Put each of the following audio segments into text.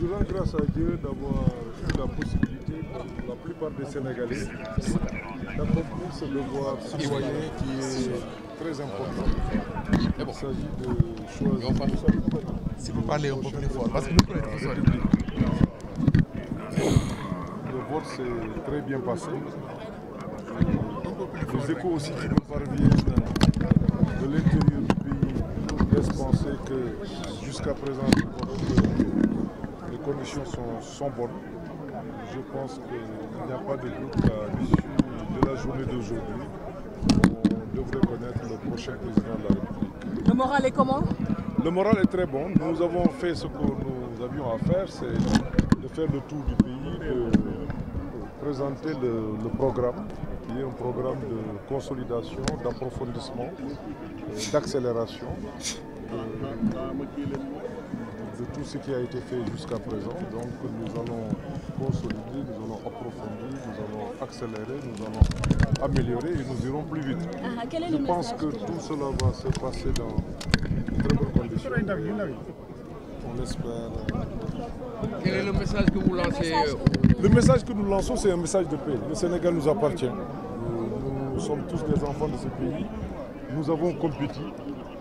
Je rends grâce à Dieu d'avoir eu la possibilité pour la plupart des Sénégalais d'accomplir ce devoir citoyen qui est très important. Il s'agit de choisir. Si vous parlez un peu plus fort, parce que le vote s'est très bien passé. Les échos aussi qui nous parviennent de l'intérieur du pays laissent penser que jusqu'à présent, le vote discussions sont, sont bonnes. Je pense qu'il n'y a pas de doute à l'issue de la journée d'aujourd'hui. On devrait connaître le prochain président de la République. Le moral est très bon. Nous avons fait ce que nous avions à faire, c'est de faire le tour du pays, de présenter le, le programme il y a un programme de consolidation, d'approfondissement, d'accélération. Euh, de tout ce qui a été fait jusqu'à présent. Donc nous allons consolider, nous allons approfondir, nous allons accélérer, nous allons améliorer et nous irons plus vite. Ah, ah quel est Je le pense que tout cela va se passer dans de très bonnes conditions. On espère. Quel est le message que vous lancez Le message que nous lançons, c'est un message de paix. Le Sénégal nous appartient. Nous, nous sommes tous des enfants de ce pays. Nous avons compétit.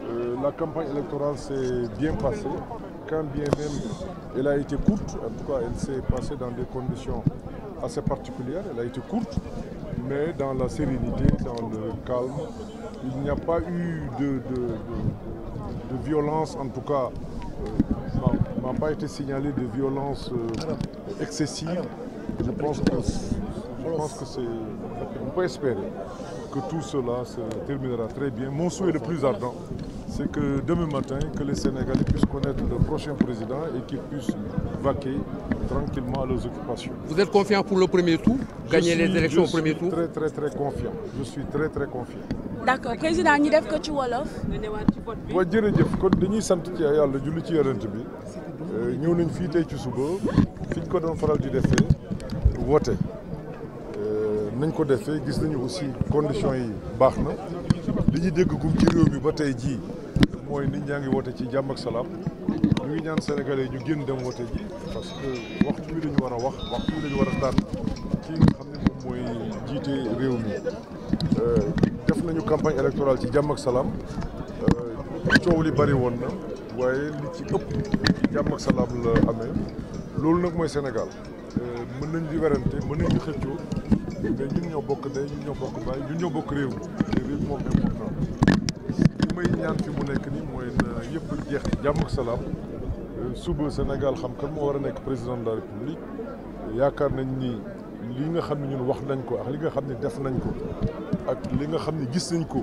Euh, la campagne électorale s'est bien passée. quand bien même elle a été courte, en tout cas elle s'est passée dans des conditions assez particulières, elle a été courte, mais dans la sérénité, dans le calme, il n'y a pas eu de, de, de, de, violence, en tout cas, euh, n'a pas été signalé de violence euh, excessive. Je pense que, je pense que c'est, on peut espérer que tout cela se terminera très bien. Mon souhait le plus ardent, c'est que demain matin, que les Sénégalais puissent connaître le prochain président et qu'ils puissent vaquer tranquillement à leurs occupations. Vous êtes confiant pour le premier tour Gagner les élections au premier tour Je suis très très très confiant. Je D'accord président ñi def ko ci wolof. waaw jërëjëf kon dañuy sant ci yàlla julli ci yonent bi euh, ñëw nañ fii tey ci suba fi ñu ko doon faral di defee woote euh, nañ ko defee gis nañu aussi conditions yi baax na li ñu dégg gum ci réew mi ba tey jii. mooy nit ñaa ngi woote ci jàmm ak salaam ñu ngi ñaan sénégalais ñu génn dem woote ji parce que waxtu bi dañu war a wax waxtu bi dañu war a tànn kii nga xam ne moom mooy jiite réew mi euh, def nañu campagne électorale ci jàmm ak salaam euh, coow li bari woon na waaye li ci ëpp jàmm ak salaam la amee loolu nag mooy Sénégal euh, mën nañ di werante mën nañ xëccoo mais ñun ñoo bokk day ñun ñoo bokk baay ñun ñoo bokk réew te réew moom important fi mu nekk nii mooy na yëpp jeex jàmm ak salaam euh, suba Sénégal xam kan moo war a nekk président de la république yaakaar nañ ni li nga xam ne ñun wax nañ ko ak li nga xam ne def nañ ko ak li nga xam ne gis nañ ko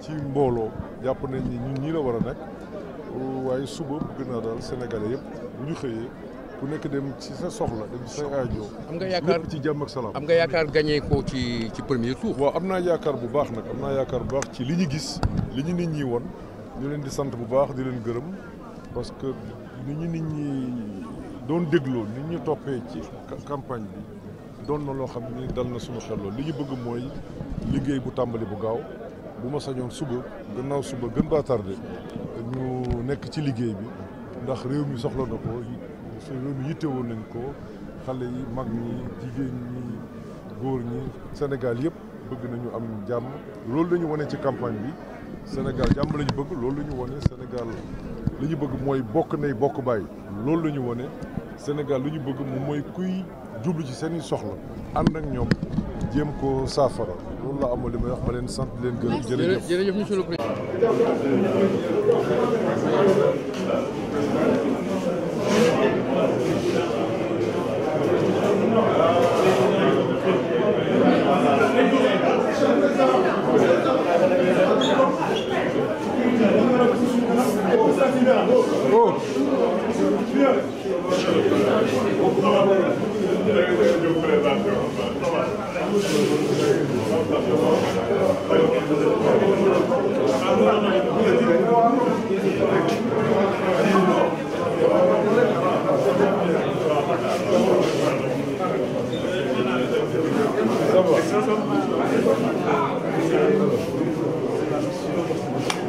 ci mbooloo jàpp nañ ni ñun ñii la war a nekk waaye suba bëgg naa daal sénégalais yëpp bu ñu xëyee. ku nekk dem ci sa soxla dem ci sa aajo. am nga yaakaar lépp ci jàmm ak am nga yaakaar gagné ko ci ci premier tour. waaw am naa yaakaar bu baax nag am naa yaakaar bu baax ci li ñu gis li ñu nit ñi won ñu leen di sant bu baax di leen gërëm parce que ni ñu nit ñi doon dégloo ni ñu toppee ci campagne bi doon na loo xam ni dal na suñu xel li ñu bëgg mooy liggéey bu tàmbali bu gaaw bu ma sañoon suba gannaaw suba gën baa tardé nekk ci liggéey bi ndax réew mi soxla na ko. parce que loolu yittewoon nañ ko xale yi mag ñi jigéen ñi góor ñi Sénégal yëpp bëgg nañu am jàmm loolu lañu ñu wane ci campagne bi Sénégal jàmm la ñu bëgg loolu la ñu wane Sénégal li bëgg mooy bokk nay loolu la ñu wane Sénégal lu ñu bëgg moom mooy kuy jublu ci seen i soxla ànd ak ñoom jéem ko saafara loolu la amoon li may wax ma leen sant leen gërëm jërëjëf jërëjëf monsieur le président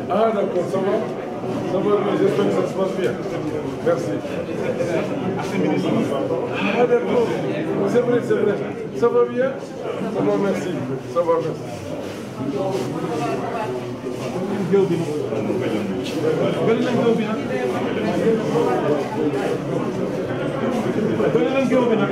Ah d'accord, ça va Ça va, j'espère que ça se passe bien. Merci. Ah d'accord, c'est vrai, c'est vrai. Ça va bien Ça va, merci. Ça va, merci. géew bi nag bëri na géew bi nag bëri na géew bi nag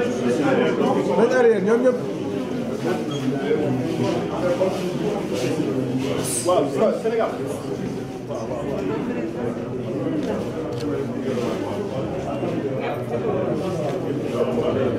bëri na géew bi nag waaw waaw Sénégal waaw waaw waaw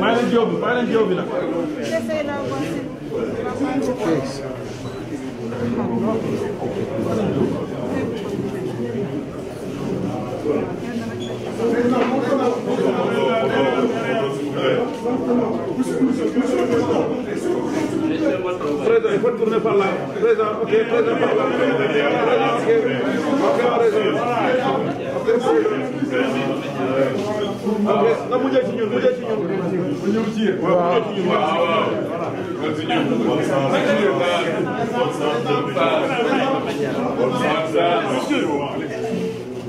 maa leen jóobi maa leen jóobi nag Thanks. président, il faut tourner par là. Président, ok, président par là. Président, ok. Ok, na mu jël ci ñun, mu jël ci ñun. Mu ñëw ci waaw waaw waaw. Bon sens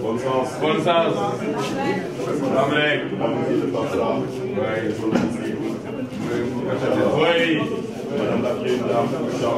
Bon sens. Bon sens. Amlek. Oui. Madame la Présidente,